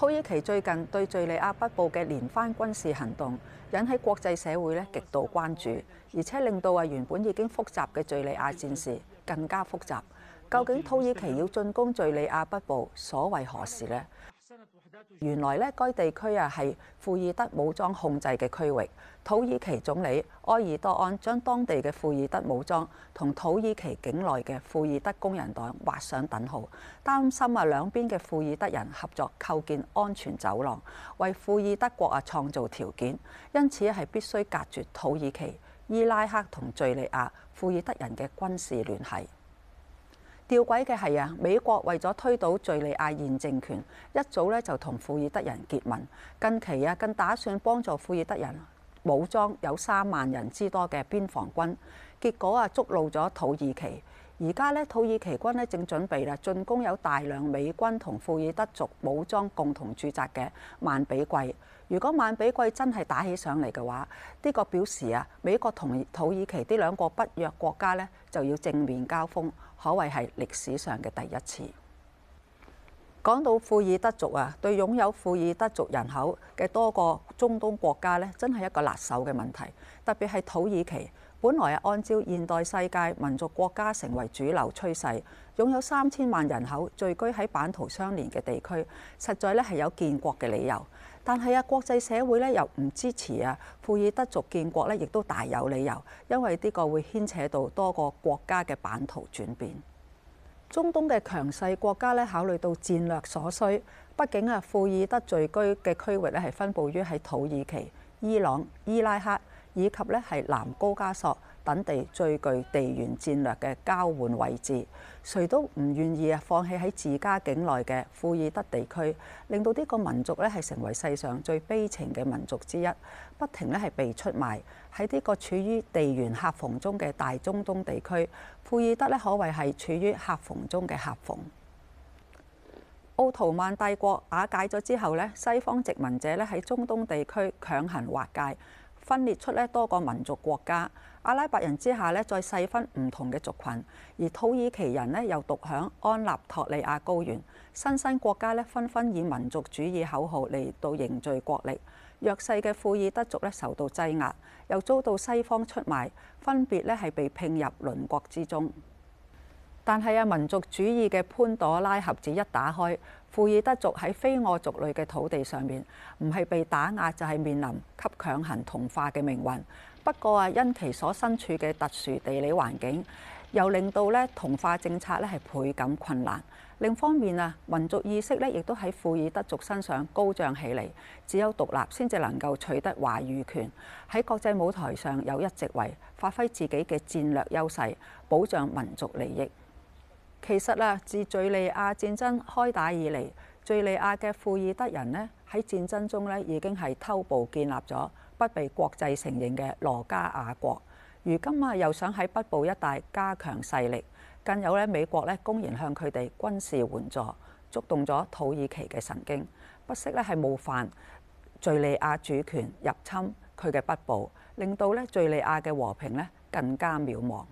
土耳其最近對敍利亞北部嘅連番軍事行動，引起國際社會咧極度關注，而且令到話原本已經複雜嘅敍利亞戰事更加複雜。究竟土耳其要進攻敍利亞北部，所為何事呢？原來咧，該地區啊係庫爾德武裝控制嘅區域。土耳其總理埃爾多安將當地嘅庫爾德武裝同土耳其境內嘅庫爾德工人黨劃上等號，擔心啊兩邊嘅庫爾德人合作構建安全走廊，為庫爾德國啊創造條件。因此係必須隔絕土耳其、伊拉克同敘利亞庫爾德人嘅軍事聯繫。弔詭嘅係啊，美國為咗推倒敘利亞現政權，一早呢就同庫爾德人結盟，近期啊更打算幫助庫爾德人武裝有三萬人之多嘅邊防軍，結果啊觸怒咗土耳其。而家咧，土耳其軍咧正準備啦進攻有大量美軍同庫爾德族武裝共同駐紮嘅曼比季。如果曼比季真係打起上嚟嘅話，呢、這個表示啊，美國同土耳其呢兩個北約國家咧就要正面交鋒，可謂係歷史上嘅第一次。講到庫爾德族啊，對擁有庫爾德族人口嘅多個中東國家咧，真係一個辣手嘅問題，特別係土耳其。本來啊，按照現代世界民族國家成為主流趨勢，擁有三千萬人口、聚居喺版圖相連嘅地區，實在咧係有建國嘅理由。但係啊，國際社會咧又唔支持啊，庫爾德族建國咧，亦都大有理由，因為呢個會牽扯到多個國家嘅版圖轉變。中東嘅強勢國家咧，考慮到戰略所需，畢竟啊，庫爾德聚居嘅區域咧係分佈於喺土耳其、伊朗、伊拉克，以及咧係南高加索等地最具地緣戰略嘅交換位置，誰都唔願意啊放棄喺自家境內嘅庫爾德地區，令到呢個民族咧係成為世上最悲情嘅民族之一，不停咧係被出賣喺呢個處於地緣夾縫中嘅大中東地區。庫爾德咧可謂係處於夾縫中嘅夾縫。奧圖曼帝國瓦解咗之後咧，西方殖民者咧喺中東地區強行劃界。分裂出咧多個民族國家，阿拉伯人之下咧再細分唔同嘅族群，而土耳其人呢又獨享安納托利亞高原。新生國家咧紛紛以民族主義口號嚟到凝聚國力，弱勢嘅庫爾德族咧受到擠壓，又遭到西方出賣，分別咧係被併入鄰國之中。但係啊，民族主義嘅潘朵拉盒子一打開，庫爾德族喺非我族類嘅土地上面，唔係被打壓就係面臨給強行同化嘅命運。不過啊，因其所身處嘅特殊地理環境，又令到咧同化政策咧係倍感困難。另一方面啊，民族意識咧亦都喺庫爾德族身上高漲起嚟。只有獨立先至能夠取得話語權，喺國際舞台上有一席位，發揮自己嘅戰略優勢，保障民族利益。其實啊，自敍利亞戰爭開打以嚟，敍利亞嘅庫爾德人咧喺戰爭中咧已經係偷步建立咗不被國際承認嘅羅加亞國。如今啊，又想喺北部一帶加強勢力，更有咧美國咧公然向佢哋軍事援助，觸動咗土耳其嘅神經，不惜咧係冒犯敍利亞主權、入侵佢嘅北部，令到咧敍利亞嘅和平咧更加渺茫。